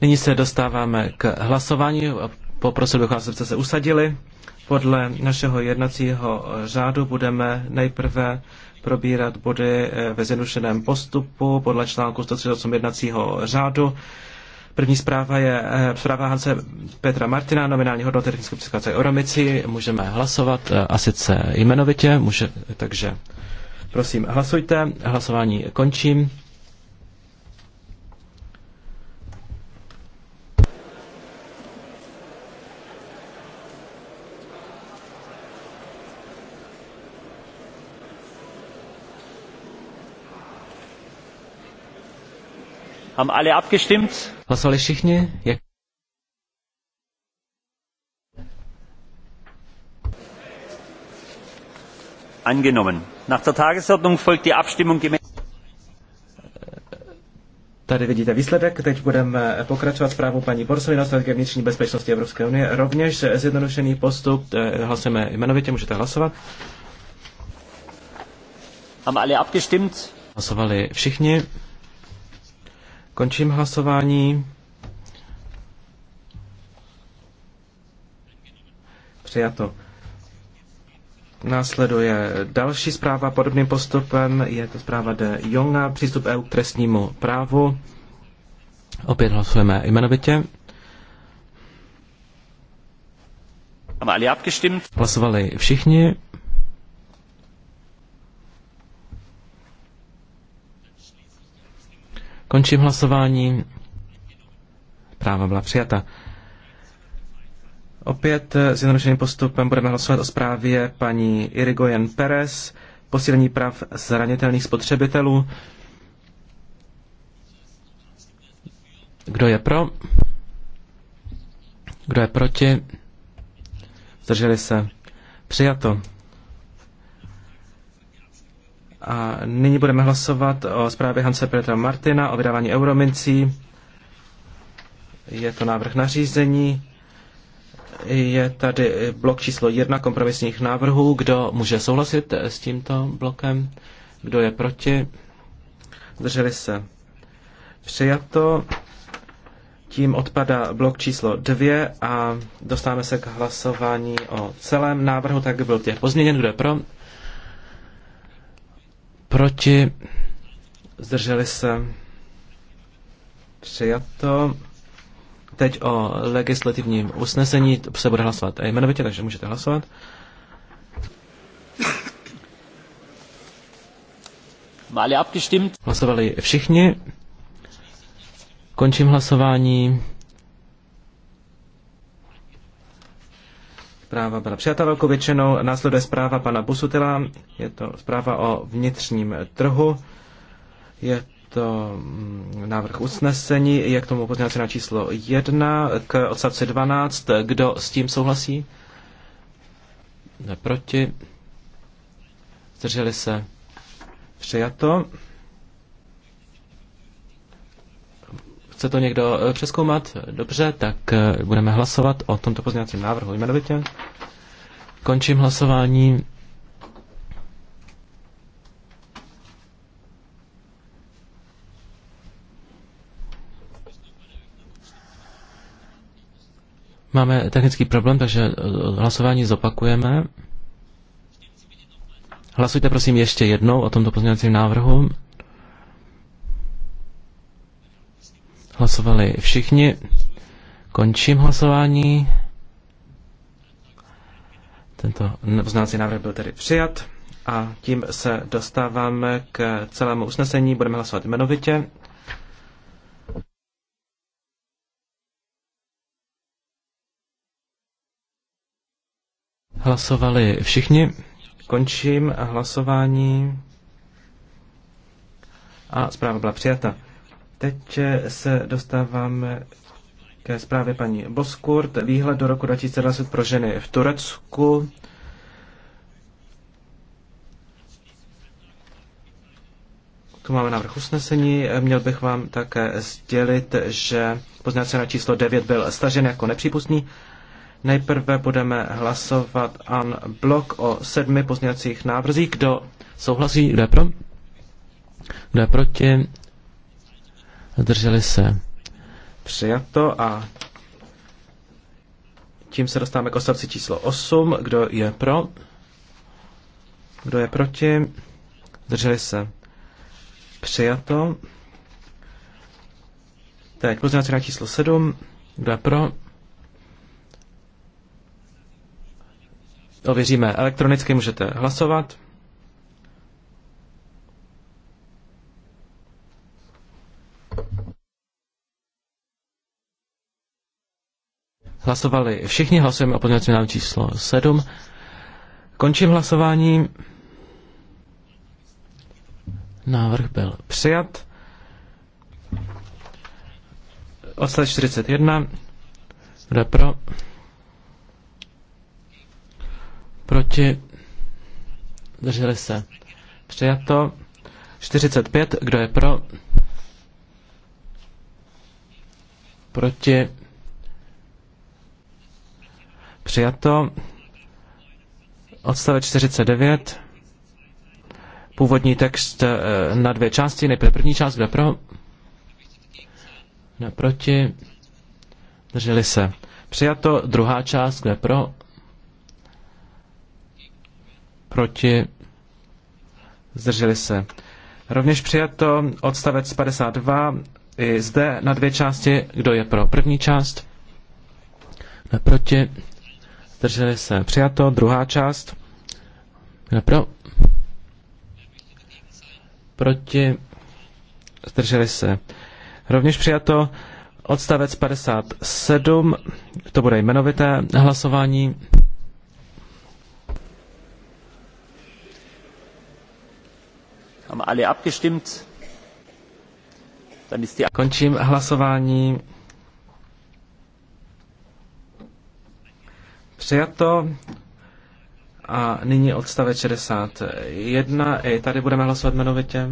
Nyní se dostáváme k hlasování. Poprosil bych vás, abyste se usadili. Podle našeho jednacího řádu budeme nejprve probírat body eh, ve zjednodušeném postupu podle článku 138 jednacího řádu. První zpráva je eh, zpráva Hanse Petra Martina, nominální hodnota technické psychiatrické oromici. Můžeme hlasovat eh, a sice jmenovitě, může, takže prosím hlasujte. Hlasování končím. Haben alle abgestimmt? Hlasovali všichni? Jak... Angenommen. Nach der Tagesordnung folgt die Abstimmung gemäß. Tady vidíte výsledek. Teď budeme pokračovat zprávou paní Borsovy na strategie vnitřní bezpečnosti Evropské unie. Rovněž zjednodušený postup. Eh, hlasujeme jmenovitě, můžete hlasovat. Haben alle abgestimmt? Hlasovali všichni. Končím hlasování. Přijato. Následuje další zpráva podobným postupem. Je to zpráva de Jonga, přístup EU k trestnímu právu. Opět hlasujeme jmenovitě. Hlasovali všichni. Končím hlasování. Práva byla přijata. Opět eh, s jednodušeným postupem budeme hlasovat o zprávě paní Irigoyen Perez, posílení práv zranitelných spotřebitelů. Kdo je pro? Kdo je proti? Zdrželi se. Přijato. A nyní budeme hlasovat o zprávě Hanse Petra Martina o vydávání euromincí. Je to návrh nařízení. Je tady blok číslo jedna kompromisních návrhů. Kdo může souhlasit s tímto blokem? Kdo je proti? Zdrželi se. Přijato. Tím odpadá blok číslo dvě a dostáváme se k hlasování o celém návrhu, tak byl těch pozměněn. Kdo je pro? Proti? Zdrželi se? Přijato. Teď o legislativním usnesení se bude hlasovat jmenovitě, takže můžete hlasovat. Hlasovali všichni. Končím hlasování. Zpráva byla přijata velkou většinou. Následuje zpráva pana Busutila. Je to zpráva o vnitřním trhu. Je to mm, návrh usnesení. Je k tomu pozměňovací na číslo 1 k odstavci 12. Kdo s tím souhlasí? Proti? Zdrželi se? Přijato. Chce to někdo eh, přeskoumat? Dobře, tak eh, budeme hlasovat o tomto pozměňovacím návrhu jmenovitě. Končím hlasování. Máme technický problém, takže eh, hlasování zopakujeme. Hlasujte prosím ještě jednou o tomto pozměňovacím návrhu. Hlasovali všichni. Končím hlasování. Tento vznácí návrh byl tedy přijat a tím se dostáváme k celému usnesení. Budeme hlasovat jmenovitě. Hlasovali všichni. Končím hlasování. A zpráva byla přijata. Teď eh, se dostáváme ke zprávě paní Boskurt. Výhled do roku 2020 pro ženy v Turecku. Tu máme návrh usnesení. Měl bych vám také sdělit, že poznávací na číslo 9 byl stažen jako nepřípustný. Nejprve budeme hlasovat an blok o sedmi pozněcích návrzích. Kdo souhlasí? Kdo je pro? Kdo je proti? Zdrželi se. Přijato a tím se dostáváme k ostavci číslo 8. Kdo je pro? Kdo je proti? Zdrželi se. Přijato. Teď poznávací na číslo 7. Kdo je pro? Ověříme elektronicky, můžete hlasovat. Hlasovali všichni, hlasujeme o pozměňovacím návrhu číslo 7. Končím hlasování. Návrh byl přijat. Odstavec 41. Kdo je pro? Proti? Drželi se. Přijato. 45. Kdo je pro? Proti? Přijato. Odstavec 49. Původní text eh, na dvě části. Nejprve první část, kde pro? Naproti. proti? Drželi se. Přijato. Druhá část, kde pro? Proti? Zdrželi se. Rovněž přijato odstavec 52 i zde na dvě části. Kdo je pro první část? Naproti. proti? zdrželi se přijato, druhá část, kde pro, proti, zdrželi se rovněž přijato, odstavec 57, to bude jmenovité hlasování. Končím hlasování. Přijato. A nyní odstavec 61. I tady budeme hlasovat jmenovitě.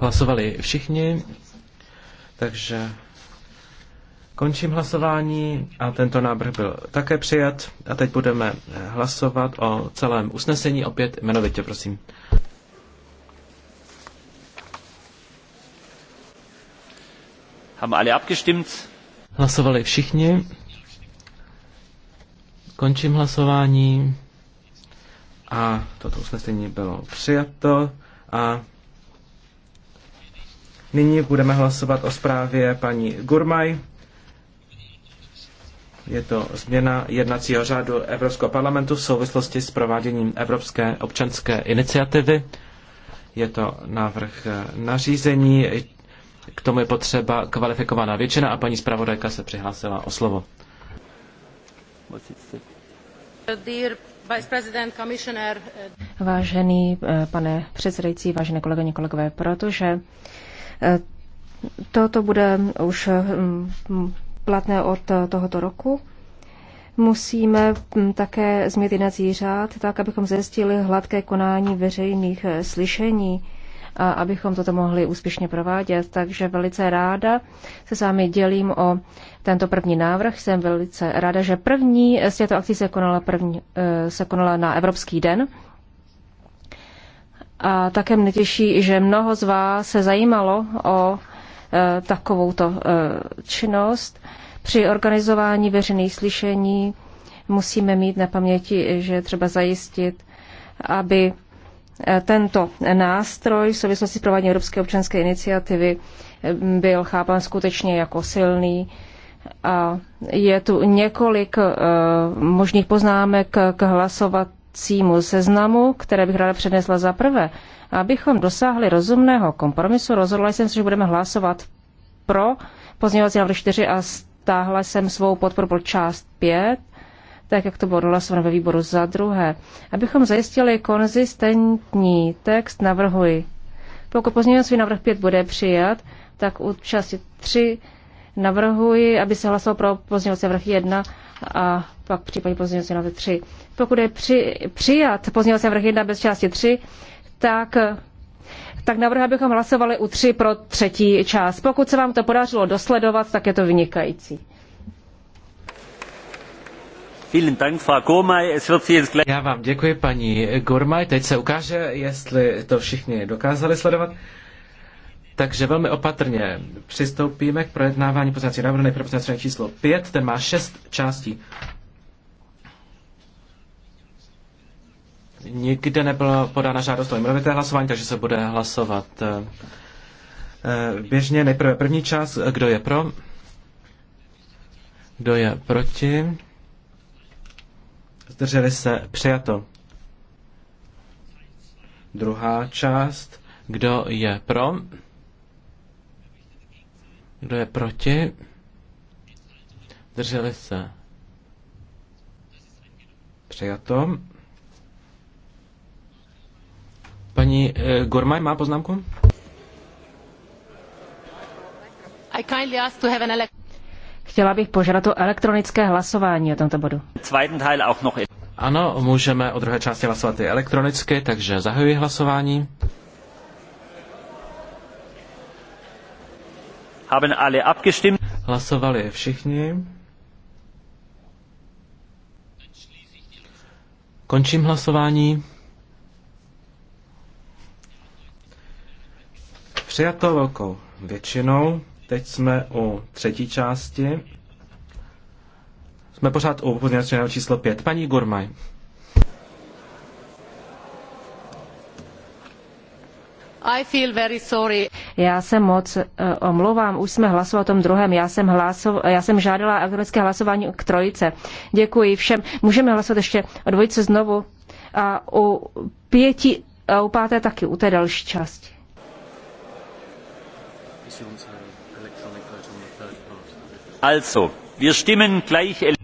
Hlasovali všichni, takže končím hlasování a tento návrh byl také přijat. A teď budeme hlasovat o celém usnesení opět jmenovitě, prosím. Haben alle abgestimmt? Hlasovali všichni. Končím hlasování. A toto usnesení bylo přijato. A nyní budeme hlasovat o zprávě paní Gurmaj. Je to změna jednacího řádu Evropského parlamentu v souvislosti s prováděním Evropské občanské iniciativy. Je to návrh nařízení. K tomu je potřeba kvalifikovaná většina a paní zpravodajka se přihlásila o slovo. Eh, Vážený eh, pane předsedající, vážené kolegyně, kolegové, protože eh, toto bude už hm, platné od tohoto roku, musíme hm, také změnit jednací řád tak, abychom zjistili hladké konání veřejných slyšení abychom toto mohli úspěšně provádět. Takže velice ráda se s vámi dělím o tento první návrh. Jsem velice ráda, že první z těchto akcí se konala, první, eh, se konala na Evropský den. A také mě těší, že mnoho z vás se zajímalo o eh, takovouto eh, činnost. Při organizování veřejných slyšení musíme mít na paměti, že třeba zajistit, aby Eh, tento nástroj v souvislosti s prováděním Evropské občanské iniciativy eh, byl chápan skutečně jako silný. A je tu několik eh, možných poznámek k hlasovacímu seznamu, které bych ráda přednesla za prvé. Abychom dosáhli rozumného kompromisu, rozhodla jsem se, že budeme hlasovat pro pozměňovací návrh 4 a stáhla jsem svou podporu pro část 5 tak jak to bylo odhlasováno ve výboru za druhé. Abychom zajistili konzistentní text, navrhuji. Pokud pozměňovací návrh 5 bude přijat, tak u části 3 navrhuji, aby se hlasoval pro pozměňovací návrh 1 a pak případně pozměňovací návrh 3. Pokud je při, přijat pozměňovací návrh 1 bez části 3, tak tak navrhuji, abychom hlasovali u 3 pro třetí část. Pokud se vám to podařilo dosledovat, tak je to vynikající. Já vám děkuji, paní Gormaj. Teď se ukáže, jestli to všichni dokázali sledovat. Takže velmi opatrně přistoupíme k projednávání poznacího návrhu. Nejprve poznací číslo 5, ten má šest částí. Nikde nebyla podána žádost o jmenovité hlasování, takže se bude hlasovat eh, eh, běžně. Nejprve první část, kdo je pro, kdo je proti zdrželi se, přijato. Druhá část, kdo je pro, kdo je proti, zdrželi se, přijato. Paní eh, Gormaj má poznámku? I kindly ask to have an Chtěla bych požádat o elektronické hlasování o tomto bodu. Ano, můžeme o druhé části hlasovat i elektronicky, takže zahajuji hlasování. Haben alle abgestimmt. Hlasovali všichni. Končím hlasování. Přijato velkou většinou. Teď jsme u třetí části. Jsme pořád u pozměňovacího číslo 5. Paní Gurmaj. I feel very sorry. Já se moc uh, omlouvám, už jsme hlasovali o tom druhém. Já jsem, hlasoval, já jsem žádala elektronické hlasování k trojice. Děkuji všem. Můžeme hlasovat ještě o dvojice znovu a u pěti a u páté taky, u té další části. Myslím,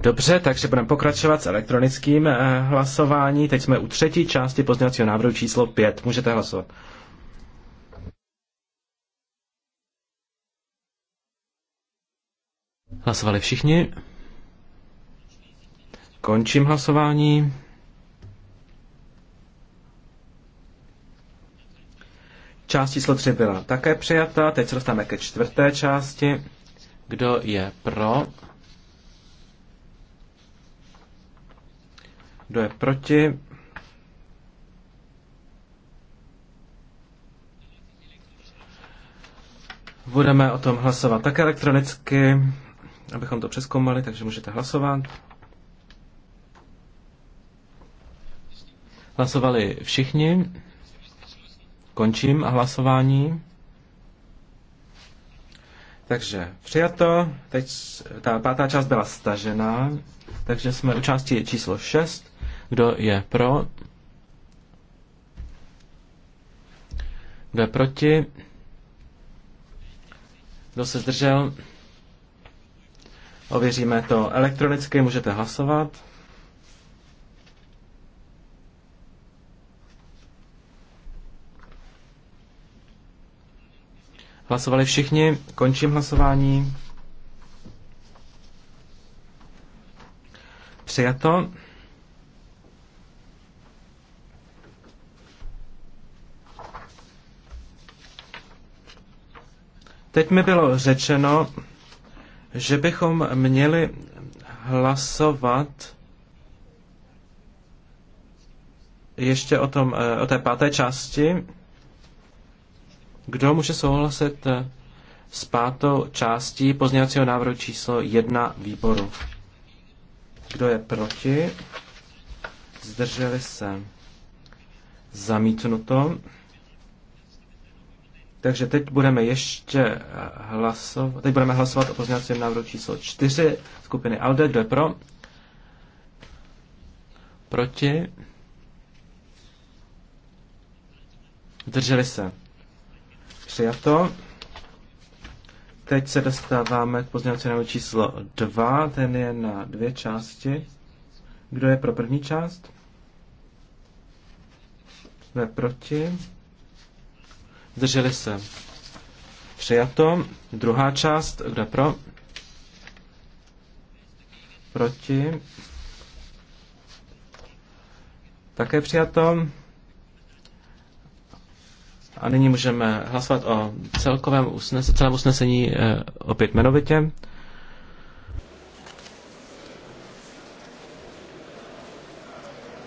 Dobře, takže budeme pokračovat s elektronickým eh, hlasování. Teď jsme u třetí části pozměňovacího návrhu číslo 5. Můžete hlasovat. Hlasovali všichni. Končím hlasování. Část číslo 3 byla také přijata, teď se dostáváme ke čtvrté části. Kdo je pro? Kdo je proti? Budeme o tom hlasovat také elektronicky, abychom to přeskoumali, takže můžete hlasovat. Hlasovali všichni. Končím hlasování. Takže přijato, teď ta pátá část byla stažená, takže jsme u části číslo 6. Kdo je pro? Kdo je proti? Kdo se zdržel? Ověříme to elektronicky, můžete hlasovat. Hlasovali všichni, končím hlasování. Přijato. Teď mi bylo řečeno, že bychom měli hlasovat ještě o, tom, eh, o té páté části. Kdo může souhlasit eh, s pátou částí pozněvacího návrhu číslo 1 výboru? Kdo je proti? Zdrželi se. Zamítnuto. Takže teď budeme ještě eh, hlasovat, teď budeme hlasovat o pozněvacím návrhu číslo 4 skupiny ALDE. Kdo je pro? Proti? Zdrželi se přijato. Teď se dostáváme k pozměňovacímu číslo 2, ten je na dvě části. Kdo je pro první část? Kdo proti? Zdrželi se. Přijato. Druhá část, kdo je pro? Proti. Také přijato. A nyní můžeme hlasovat o celkovém usnes- celém usnesení eh, opět jmenovitě.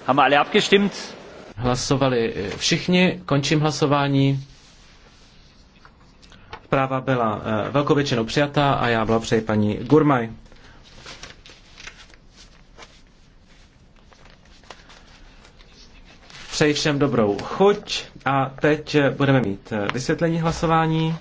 Haben alle abgestimmt? Hlasovali eh, všichni, končím hlasování. Práva byla eh, velkou většinou přijatá a já byla přeji paní Gurmaj. Přeji všem dobrou chuť a teď budeme mít eh, vysvětlení hlasování.